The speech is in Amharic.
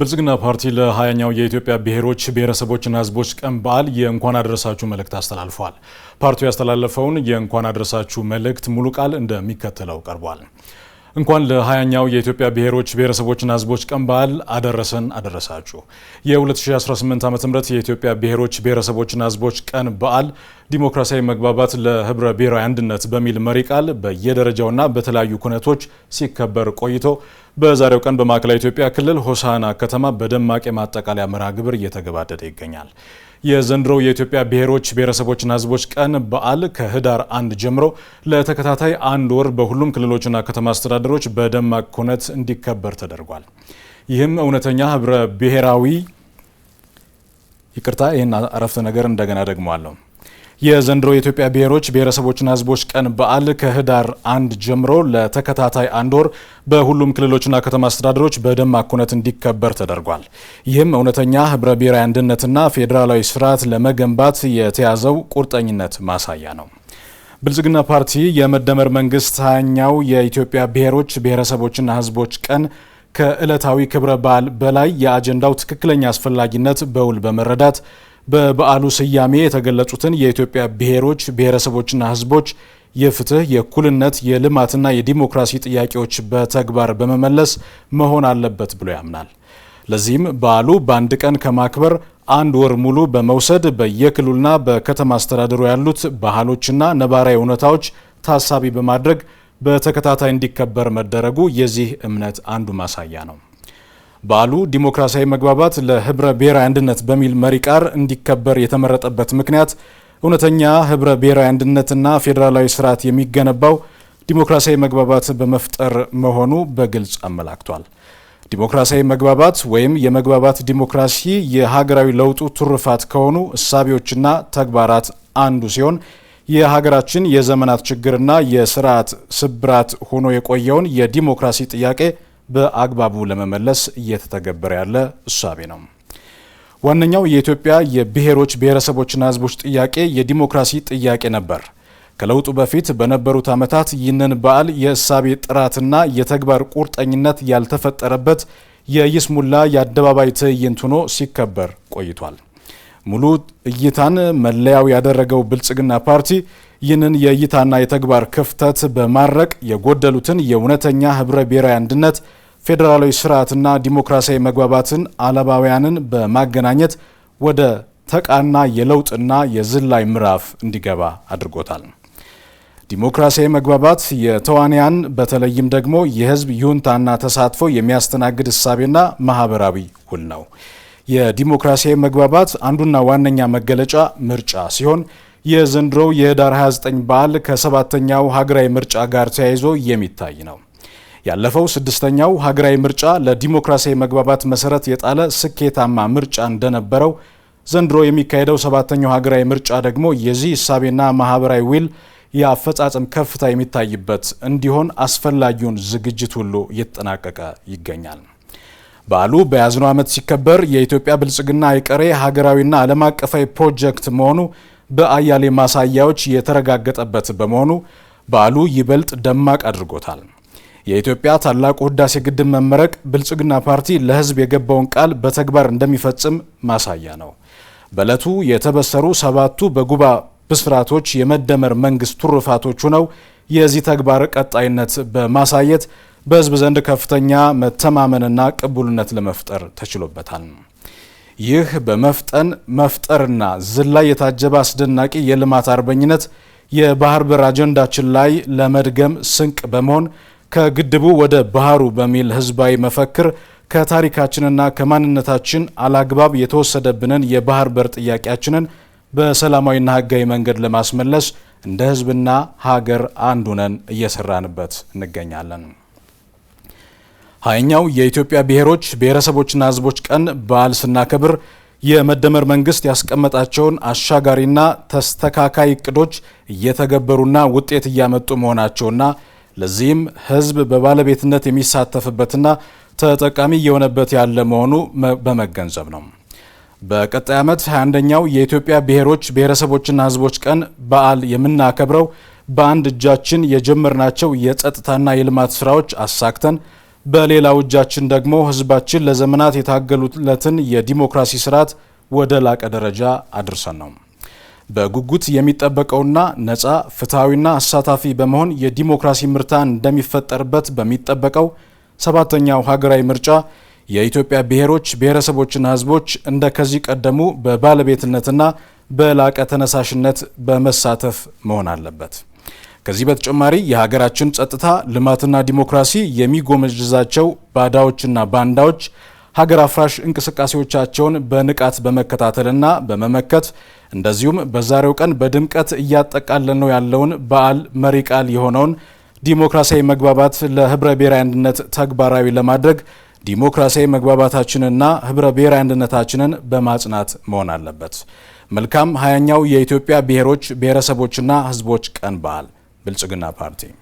ብልጽግና ፓርቲ ለሀያኛው የኢትዮጵያ ብሔሮች ብሔረሰቦችና ህዝቦች ቀን በዓል የእንኳን አደረሳችሁ መልእክት አስተላልፏል። ፓርቲው ያስተላለፈውን የእንኳን አደረሳችሁ መልእክት ሙሉ ቃል እንደሚከተለው ቀርቧል። እንኳን ለሀያኛው የኢትዮጵያ ብሔሮች ብሔረሰቦችና ህዝቦች ቀን በዓል አደረሰን አደረሳችሁ። የ2018 ዓ ም የኢትዮጵያ ብሔሮች ብሔረሰቦችና ህዝቦች ቀን በዓል ዲሞክራሲያዊ መግባባት ለህብረ ብሔራዊ አንድነት በሚል መሪ ቃል በየደረጃውና በተለያዩ ኩነቶች ሲከበር ቆይቶ በዛሬው ቀን በማዕከላዊ ኢትዮጵያ ክልል ሆሳና ከተማ በደማቅ የማጠቃለያ መርሃ ግብር እየተገባደደ ይገኛል። የዘንድሮው የኢትዮጵያ ብሔሮች ብሔረሰቦችና ሕዝቦች ቀን በዓል ከህዳር አንድ ጀምሮ ለተከታታይ አንድ ወር በሁሉም ክልሎችና ከተማ አስተዳደሮች በደማቅ ኩነት እንዲከበር ተደርጓል። ይህም እውነተኛ ህብረ ብሔራዊ ይቅርታ፣ ይህን አረፍተ ነገር እንደገና ደግሟለሁ። የዘንድሮ የኢትዮጵያ ብሔሮች ብሔረሰቦችና ህዝቦች ቀን በዓል ከህዳር አንድ ጀምሮ ለተከታታይ አንድ ወር በሁሉም ክልሎችና ከተማ አስተዳደሮች በደማቅ ሁነት እንዲከበር ተደርጓል። ይህም እውነተኛ ህብረ ብሔራዊ አንድነትና ፌዴራላዊ ስርዓት ለመገንባት የተያዘው ቁርጠኝነት ማሳያ ነው። ብልጽግና ፓርቲ የመደመር መንግስት ሀያኛው የኢትዮጵያ ብሔሮች ብሔረሰቦችና ህዝቦች ቀን ከዕለታዊ ክብረ በዓል በላይ የአጀንዳው ትክክለኛ አስፈላጊነት በውል በመረዳት በበዓሉ ስያሜ የተገለጹትን የኢትዮጵያ ብሔሮች ብሔረሰቦችና ህዝቦች የፍትህ፣ የእኩልነት፣ የልማትና የዲሞክራሲ ጥያቄዎች በተግባር በመመለስ መሆን አለበት ብሎ ያምናል። ለዚህም በዓሉ በአንድ ቀን ከማክበር አንድ ወር ሙሉ በመውሰድ በየክልሉና በከተማ አስተዳደሩ ያሉት ባህሎችና ነባራዊ እውነታዎች ታሳቢ በማድረግ በተከታታይ እንዲከበር መደረጉ የዚህ እምነት አንዱ ማሳያ ነው። በዓሉ ዲሞክራሲያዊ መግባባት ለህብረ ብሔራዊ አንድነት በሚል መሪ ቃር እንዲከበር የተመረጠበት ምክንያት እውነተኛ ህብረ ብሔራዊ አንድነትና ፌዴራላዊ ስርዓት የሚገነባው ዲሞክራሲያዊ መግባባት በመፍጠር መሆኑ በግልጽ አመላክቷል። ዲሞክራሲያዊ መግባባት ወይም የመግባባት ዲሞክራሲ የሀገራዊ ለውጡ ትሩፋት ከሆኑ እሳቢዎችና ተግባራት አንዱ ሲሆን የሀገራችን የዘመናት ችግርና የስርዓት ስብራት ሆኖ የቆየውን የዲሞክራሲ ጥያቄ በአግባቡ ለመመለስ እየተተገበረ ያለ እሳቤ ነው። ዋነኛው የኢትዮጵያ የብሔሮች ብሔረሰቦችና ሕዝቦች ጥያቄ የዲሞክራሲ ጥያቄ ነበር። ከለውጡ በፊት በነበሩት ዓመታት ይህንን በዓል የእሳቤ ጥራትና የተግባር ቁርጠኝነት ያልተፈጠረበት የይስሙላ የአደባባይ ትዕይንት ሆኖ ሲከበር ቆይቷል። ሙሉ እይታን መለያው ያደረገው ብልጽግና ፓርቲ ይህንን የእይታና የተግባር ክፍተት በማድረቅ የጎደሉትን የእውነተኛ ህብረ ብሔራዊ አንድነት ፌዴራላዊ ስርዓትና ዲሞክራሲያዊ መግባባትን አለባውያንን በማገናኘት ወደ ተቃና የለውጥና የዝላይ ምዕራፍ እንዲገባ አድርጎታል። ዲሞክራሲያዊ መግባባት የተዋንያን በተለይም ደግሞ የህዝብ ይሁንታና ተሳትፎ የሚያስተናግድ እሳቤና ማህበራዊ ውል ነው። የዲሞክራሲያዊ መግባባት አንዱና ዋነኛ መገለጫ ምርጫ ሲሆን የዘንድሮው የህዳር 29 በዓል ከሰባተኛው ሀገራዊ ምርጫ ጋር ተያይዞ የሚታይ ነው። ያለፈው ስድስተኛው ሀገራዊ ምርጫ ለዲሞክራሲያዊ መግባባት መሰረት የጣለ ስኬታማ ምርጫ እንደነበረው ዘንድሮ የሚካሄደው ሰባተኛው ሀገራዊ ምርጫ ደግሞ የዚህ እሳቤና ማህበራዊ ውል የአፈጻጸም ከፍታ የሚታይበት እንዲሆን አስፈላጊውን ዝግጅት ሁሉ እየተጠናቀቀ ይገኛል። በዓሉ በያዝነው ዓመት ሲከበር የኢትዮጵያ ብልጽግና አይቀሬ ሀገራዊና ዓለም አቀፋዊ ፕሮጀክት መሆኑ በአያሌ ማሳያዎች የተረጋገጠበት በመሆኑ በዓሉ ይበልጥ ደማቅ አድርጎታል። የኢትዮጵያ ታላቁ ህዳሴ ግድብ መመረቅ ብልጽግና ፓርቲ ለህዝብ የገባውን ቃል በተግባር እንደሚፈጽም ማሳያ ነው። በዕለቱ የተበሰሩ ሰባቱ በጉባ ብስራቶች የመደመር መንግስት ትሩፋቶች ሆነው የዚህ ተግባር ቀጣይነት በማሳየት በህዝብ ዘንድ ከፍተኛ መተማመንና ቅቡልነት ለመፍጠር ተችሎበታል። ይህ በመፍጠን መፍጠርና ዝላይ የታጀበ አስደናቂ የልማት አርበኝነት የባህር በር አጀንዳችን ላይ ለመድገም ስንቅ በመሆን ከግድቡ ወደ ባህሩ በሚል ህዝባዊ መፈክር ከታሪካችንና ከማንነታችን አላግባብ የተወሰደብንን የባህር በር ጥያቄያችንን በሰላማዊና ህጋዊ መንገድ ለማስመለስ እንደ ህዝብና ሀገር አንዱ ነን እየሰራንበት እንገኛለን። ሀያኛው የኢትዮጵያ ብሔሮች ብሔረሰቦችና ህዝቦች ቀን በዓል ስናከብር የመደመር መንግስት ያስቀመጣቸውን አሻጋሪና ተስተካካይ እቅዶች እየተገበሩና ውጤት እያመጡ መሆናቸውና ለዚህም ህዝብ በባለቤትነት የሚሳተፍበትና ተጠቃሚ እየሆነበት ያለ መሆኑ በመገንዘብ ነው። በቀጣይ ዓመት 21ኛው የኢትዮጵያ ብሔሮች ብሔረሰቦችና ህዝቦች ቀን በዓል የምናከብረው በአንድ እጃችን የጀመርናቸው የጸጥታና የልማት ስራዎች አሳክተን በሌላው እጃችን ደግሞ ህዝባችን ለዘመናት የታገሉለትን የዲሞክራሲ ስርዓት ወደ ላቀ ደረጃ አድርሰን ነው። በጉጉት የሚጠበቀውና ነፃ ፍትሐዊና አሳታፊ በመሆን የዲሞክራሲ ምርታ እንደሚፈጠርበት በሚጠበቀው ሰባተኛው ሀገራዊ ምርጫ የኢትዮጵያ ብሔሮች ብሔረሰቦችና ሕዝቦች እንደ ከዚህ ቀደሙ በባለቤትነትና በላቀ ተነሳሽነት በመሳተፍ መሆን አለበት። ከዚህ በተጨማሪ የሀገራችን ጸጥታ፣ ልማትና ዲሞክራሲ የሚጎመዝዛቸው ባዳዎችና ባንዳዎች ሀገር አፍራሽ እንቅስቃሴዎቻቸውን በንቃት በመከታተልና በመመከት እንደዚሁም በዛሬው ቀን በድምቀት እያጠቃለን ነው ያለውን በዓል መሪ ቃል የሆነውን ዲሞክራሲያዊ መግባባት ለህብረ ብሔራዊ አንድነት ተግባራዊ ለማድረግ ዲሞክራሲያዊ መግባባታችንና ህብረ ብሔራዊ አንድነታችንን በማጽናት መሆን አለበት። መልካም ሀያኛው የኢትዮጵያ ብሔሮች ብሔረሰቦችና ህዝቦች ቀን በዓል ብልጽግና ፓርቲ